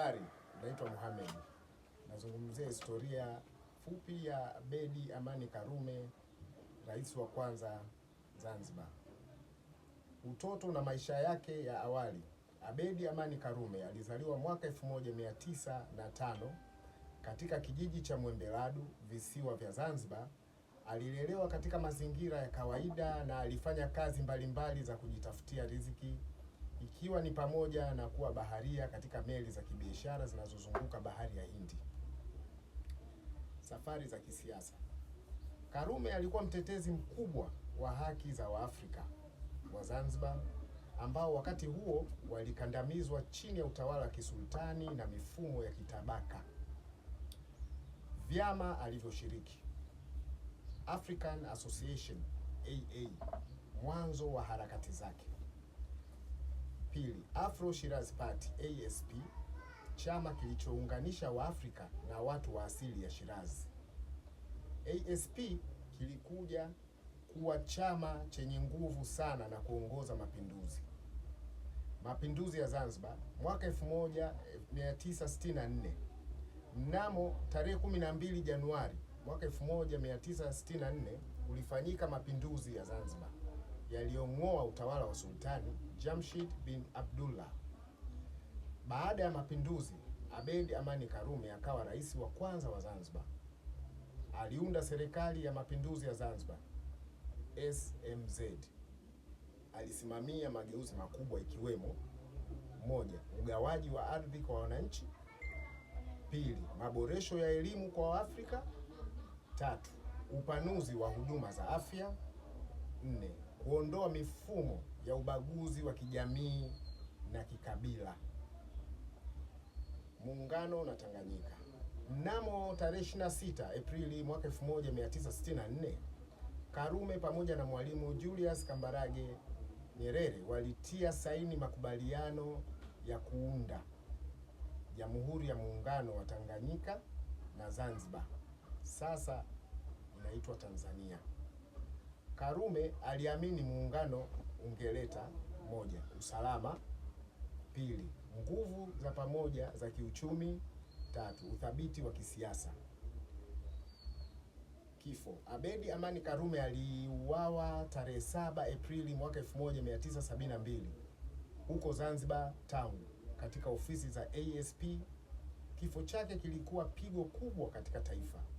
habari, naitwa Mohamed. Nazungumzia historia fupi ya abedi Amani Karume, rais wa kwanza Zanzibar. Utoto na maisha yake ya awali. abedi Amani Karume alizaliwa mwaka 1905 katika kijiji cha Mwembeladu, visiwa vya Zanzibar. Alilelewa katika mazingira ya kawaida na alifanya kazi mbalimbali za kujitafutia riziki ikiwa ni pamoja na kuwa baharia katika meli za kibiashara zinazozunguka bahari ya Hindi. Safari za kisiasa. Karume alikuwa mtetezi mkubwa wa haki za Waafrika wa Zanzibar ambao wakati huo walikandamizwa chini ya utawala wa kisultani na mifumo ya kitabaka. Vyama alivyoshiriki: African Association AA, mwanzo wa harakati zake. Pili, Afro Shirazi Party ASP, chama kilichounganisha Waafrika na watu wa asili ya Shirazi. ASP kilikuja kuwa chama chenye nguvu sana na kuongoza mapinduzi mapinduzi ya Zanzibar mwaka 1964. Mnamo tarehe 12 Januari mwaka 1964 ulifanyika mapinduzi ya Zanzibar yaliyong'oa utawala wa Sultani Jamshid bin Abdullah. Baada ya mapinduzi, Abedi Amani Karume akawa rais wa kwanza wa Zanzibar. Aliunda serikali ya mapinduzi ya Zanzibar SMZ. Alisimamia mageuzi makubwa ikiwemo: moja, ugawaji wa ardhi kwa wananchi; pili, maboresho ya elimu kwa Waafrika; tatu, upanuzi wa huduma za afya; nne, kuondoa mifumo ya ubaguzi wa kijamii na kikabila. Muungano na Tanganyika. Mnamo tarehe 26 Aprili mwaka 1964, Karume pamoja na Mwalimu Julius Kambarage Nyerere walitia saini makubaliano ya kuunda Jamhuri ya Muungano wa Tanganyika na Zanzibar, sasa inaitwa Tanzania. Karume aliamini muungano ungeleta moja, usalama; pili, nguvu za pamoja za kiuchumi; tatu, uthabiti wa kisiasa. Kifo. Abedi Amani Karume aliuawa tarehe 7 Aprili mwaka 1972 huko Zanzibar Town katika ofisi za ASP. Kifo chake kilikuwa pigo kubwa katika taifa.